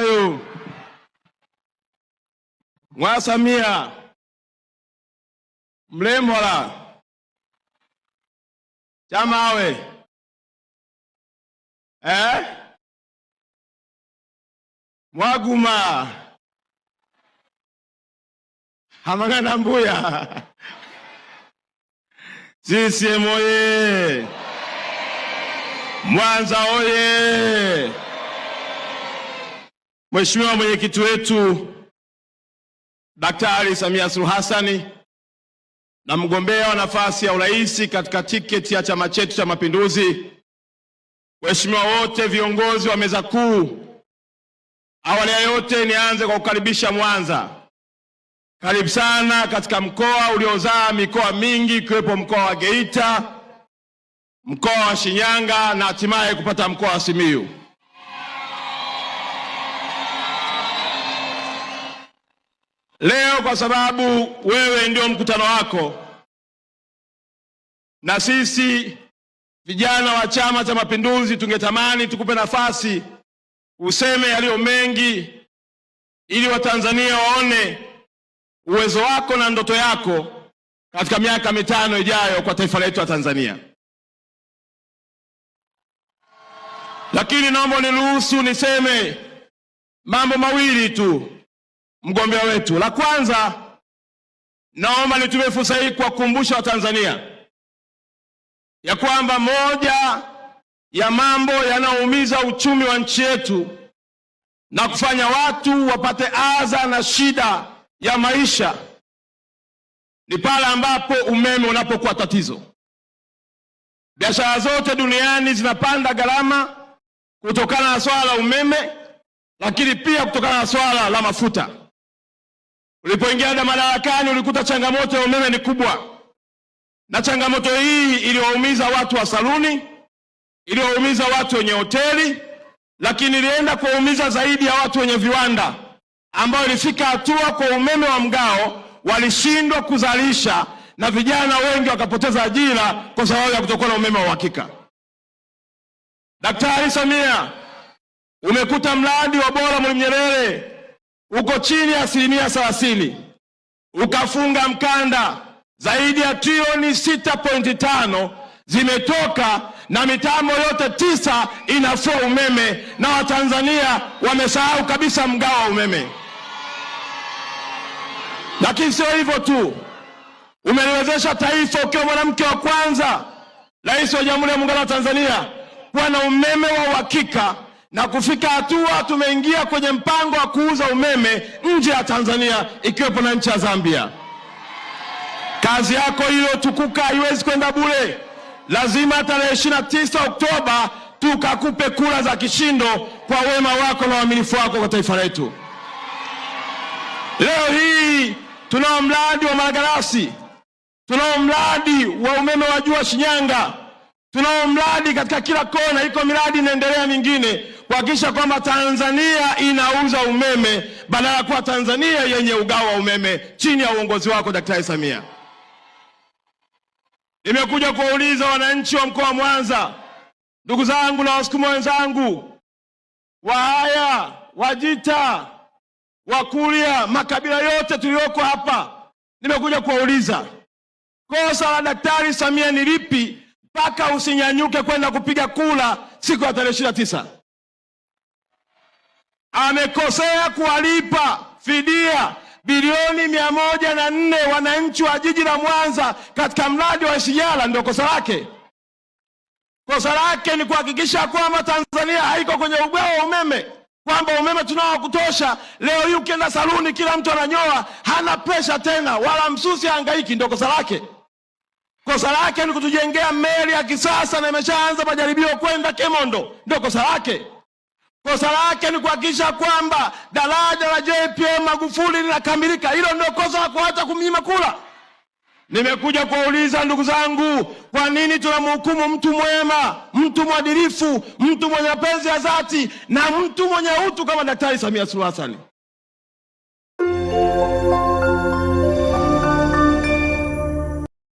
nayo. Mwasamia mlemhola chamawe eh? Mwaguma hamang'ana mbuya CCM oye! Mwanza oye! Mheshimiwa mwenyekiti wetu Daktari Samia Suluhu Hassani na mgombea wa nafasi ya urais katika tiketi ya chama chetu cha Mapinduzi, waheshimiwa wote viongozi wa meza kuu, awali ya yote nianze kwa kukaribisha Mwanza. Karibu sana katika mkoa uliozaa mikoa mingi ikiwepo mkoa wa Geita, mkoa wa Shinyanga na hatimaye kupata mkoa wa Simiyu. Leo kwa sababu wewe ndio mkutano wako na sisi vijana wa Chama cha Mapinduzi tungetamani tukupe nafasi useme yaliyo mengi, ili Watanzania waone uwezo wako na ndoto yako katika miaka mitano ijayo kwa taifa letu la Tanzania. Lakini naomba niruhusu niseme mambo mawili tu mgombea wetu. La kwanza, naomba nitumie fursa hii kuwakumbusha Watanzania ya kwamba moja ya mambo yanayoumiza uchumi wa nchi yetu na kufanya watu wapate adha na shida ya maisha ni pale ambapo umeme unapokuwa tatizo. Biashara zote duniani zinapanda gharama kutokana na swala la umeme, lakini pia kutokana na swala la mafuta. Ulipoingia madarakani ulikuta changamoto ya umeme ni kubwa, na changamoto hii iliwaumiza watu wa saluni, iliwaumiza watu wenye hoteli, lakini ilienda kuwaumiza zaidi ya watu wenye viwanda, ambayo ilifika hatua kwa umeme wa mgao walishindwa kuzalisha na vijana wengi wakapoteza ajira kwa sababu ya kutokuwa na umeme wa uhakika. Daktari Samia, umekuta mradi wa bora Mwalimu Nyerere uko chini ya asilimia thelathini, ukafunga mkanda. Zaidi ya trilioni 6.5 zimetoka na mitambo yote tisa inafua umeme, na Watanzania wamesahau kabisa mgao wa umeme. Lakini sio hivyo tu, umeliwezesha taifa ukiwa mwanamke wa kwanza rais wa Jamhuri ya Muungano wa Tanzania kuwa na umeme wa uhakika na kufika hatua tumeingia kwenye mpango wa kuuza umeme nje ya Tanzania ikiwepo na nchi ya Zambia. Kazi yako iliyotukuka haiwezi kwenda bure, lazima tarehe 29 Oktoba tukakupe kura za kishindo kwa wema wako na uaminifu wako kwa taifa letu. Leo hii tunao mradi wa Malagarasi, tunao mradi wa umeme wa jua Shinyanga, tunao mradi katika kila kona, iko miradi inaendelea mingine kuhakikisha kwamba Tanzania inauza umeme badala ya kuwa Tanzania yenye ugawa wa umeme chini ya uongozi wako Daktari Samia. Nimekuja kuwauliza wananchi wa mkoa wa Mwanza, ndugu zangu na wasukuma wenzangu, Wahaya, Wajita, Wakulia, makabila yote tuliyoko hapa, nimekuja kuwauliza kosa la Daktari Samia ni lipi mpaka usinyanyuke kwenda kupiga kura siku ya tarehe ishirini na tisa? amekosea kuwalipa fidia bilioni mia moja na nne wananchi wa jiji la Mwanza katika mradi wa Shinyala. Ndio kosa lake. Kosa lake ni kuhakikisha kwamba Tanzania haiko kwenye ubwao wa umeme, kwamba umeme tunao wa kutosha. Leo hii ukienda saluni, kila mtu ananyoa, hana presha tena, wala msusi hangaiki. Ndio kosa lake. Kosa lake ni kutujengea meli ya kisasa na imeshaanza majaribio kwenda Kemondo. Ndio kosa lake. Kosa lake ni kuhakikisha kwamba daraja la JPM Magufuli linakamilika. Hilo ndio kosa la kuacha kumnyima kula. Nimekuja kuwauliza ndugu zangu, kwa nini tunamhukumu mtu mwema, mtu mwadilifu, mtu mwenye mapenzi ya dhati na mtu mwenye utu kama Daktari Samia Suluhu Hassan?